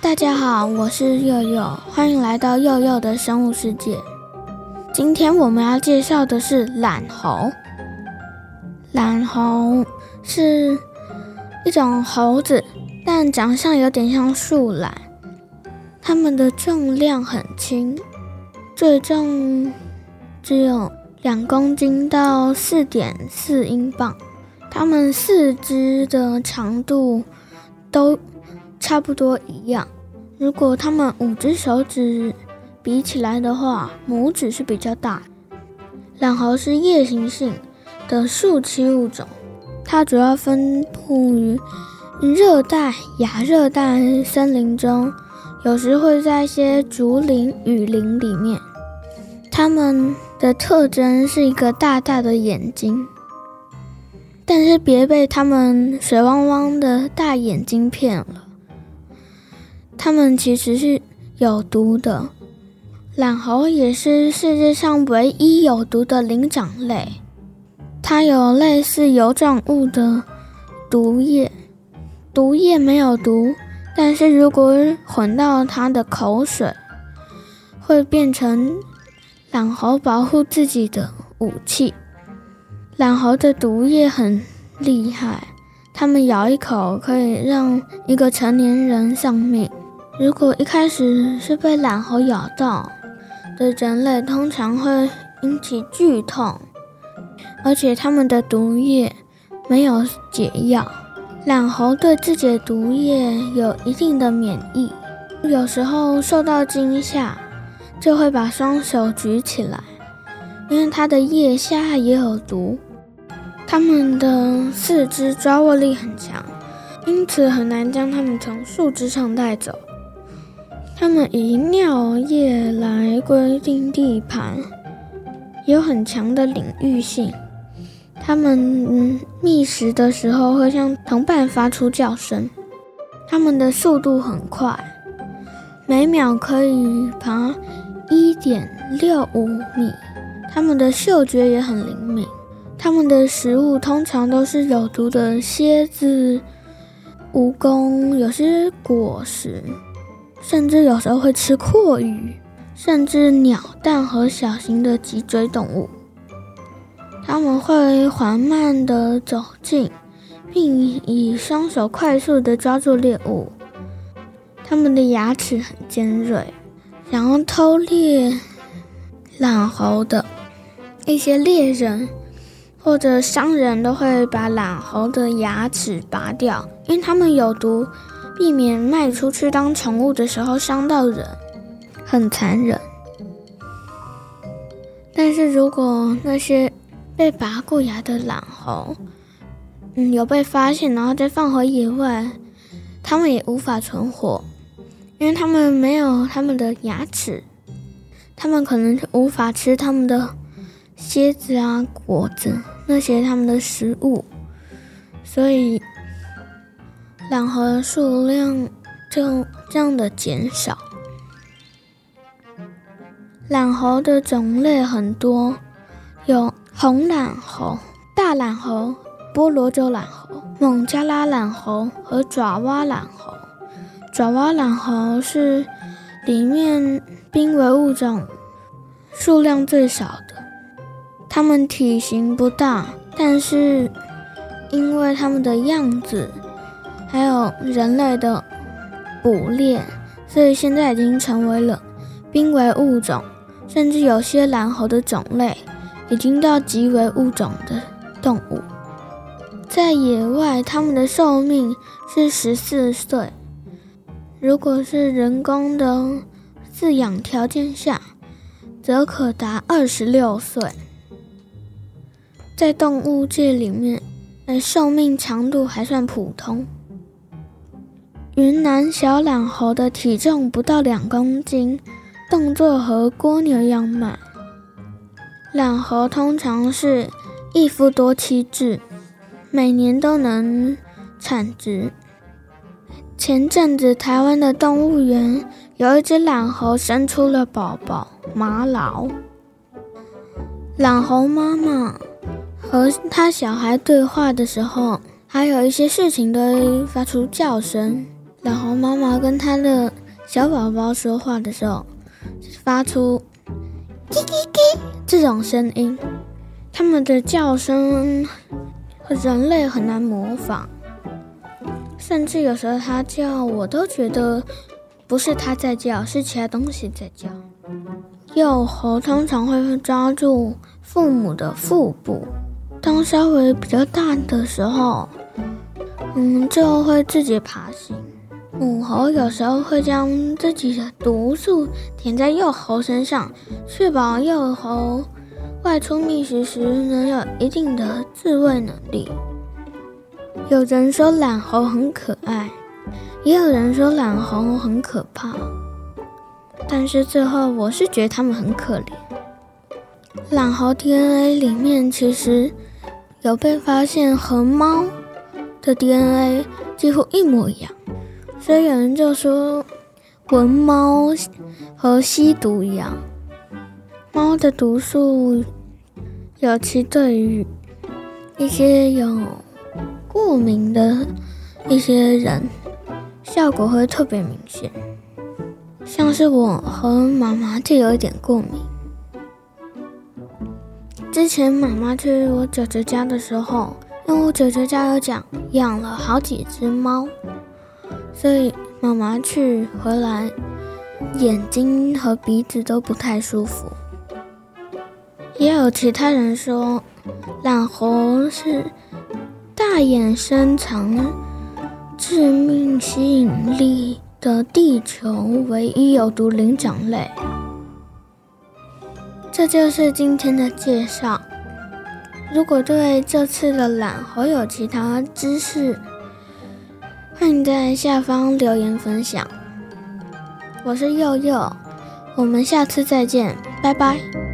大家好，我是祐祐，歡迎來到祐祐的生物世界。今天我們要介紹的是懶猴。懶猴是一種猴子，但長相有點像樹懶。它們的重量很輕，最重只有兩公斤到四點四英磅，它們四肢的長度都差不多一樣。如果它們五只手指比起來的話，拇指是比較大。懶猴是夜行性的樹棲物種，它主要分布於熱帶、亞熱帶森林中。有時會在一些竹林、雨林裡面。它們的特徵是一個大大的眼睛，但是別被它們水汪汪的大眼睛騙了，它們其實是有毒的。懶猴也是世界上唯一有毒的靈長類，它有類似油狀物的毒液，毒液沒有毒。但是如果混到他的口水，會變成懶猴保護自己的武器。懶猴的毒液很厲害，它們咬一口可以讓一個成年人喪命。如果一開始是被懶猴咬到的人類，通常會引起劇痛，而且他們的毒液沒有解藥。懶猴對自己的毒液有一定的免疫，有時候受到驚嚇就會把雙手舉起來，因為它的腋下也有毒。它們的四肢抓握力很強，因此很難將它們從樹枝上帶走。它們以尿液來規定地盤，有很強的領域性。它們、嗯、覓食的時候會向同伴發出叫聲，它們的速度很快，每秒可以爬一點六五米。它們的嗅覺也很靈敏。它們的食物通常都是有毒的蠍子、蜈蚣，有些果實，甚至有時候會吃蛞蝓，甚至鳥蛋和小型的脊椎動物。他們會緩慢的走近，並以雙手快速的抓住獵物。他們的牙齒很尖銳，然後偷獵懶猴的一些獵人或者商人，都會把懶猴的牙齒拔掉，因為他們有毒，避免賣出去當寵物的時候傷到人，很殘忍。但是如果那些。被拔過牙的懶猴，嗯，有被發現，然後再放回野外，它們也無法存活，因為它們沒有它們的牙齒，它們可能無法吃它們的蠍子啊、果子那些它們的食物，所以懶猴的數量就這樣的減少。懶猴的種類很多，有。紅懶猴、大懶猴、婆羅洲懶猴、孟加拉懶猴和爪哇懶猴。爪哇懶猴是裡面瀕危物種數量最少的。它們體型不大，但是因為它們的樣子還有人類的捕獵，所以現在已經成為了瀕危物種，甚至有些懶猴的種類。已經到極危物種的動物，在野外它們的壽命是十四歲，如果是人工的飼養條件下，則可達二十六歲。在動物界裡面，壽命長度還算普通。雲南小懶猴的體重不到兩公斤，動作和蝸牛一樣慢。懶猴通常是，一夫多妻制，每年都能產子。前陣子，台灣的動物園有一只懶猴生出了寶寶馬老。懶猴媽媽和他小孩對話的時候，還有一些事情都發出叫聲。懶猴媽媽跟他的小寶寶說話的時候，發出嘰嘰。這種聲音，它們的叫聲和人類很難模仿，甚至有時候它叫，我都覺得不是它在叫，是其他東西在叫。幼猴通常會抓住父母的腹部，當稍微比較大的時候，嗯，就會自己爬行。母猴有時候會將自己的毒素舔在幼猴身上，確保幼猴外出覓食時能有一定的自衛能力。有人說懶猴很可愛，也有人說懶猴很可怕，但是最後我是覺得它們很可憐。懶猴 DNA 裡面其實有被發現和貓的 DNA 幾乎一模一樣。所以有人就說，聞貓和吸毒一樣，貓的毒素，尤其對於一些有過敏的一些人，效果會特別明顯。像是我和媽媽就有一點過敏。之前媽媽去我舅舅家的時候，因為我舅舅家有講養了好幾隻貓。所以媽媽去回來，眼睛和鼻子都不太舒服。也有其他人說，懶猴是大眼深藏致命吸引力的地球唯一有毒靈長類。這就是今天的介紹。如果對這次的懶猴有其他知識，歡迎在下方留言分享，我是祐祐，我們下次再見，拜拜。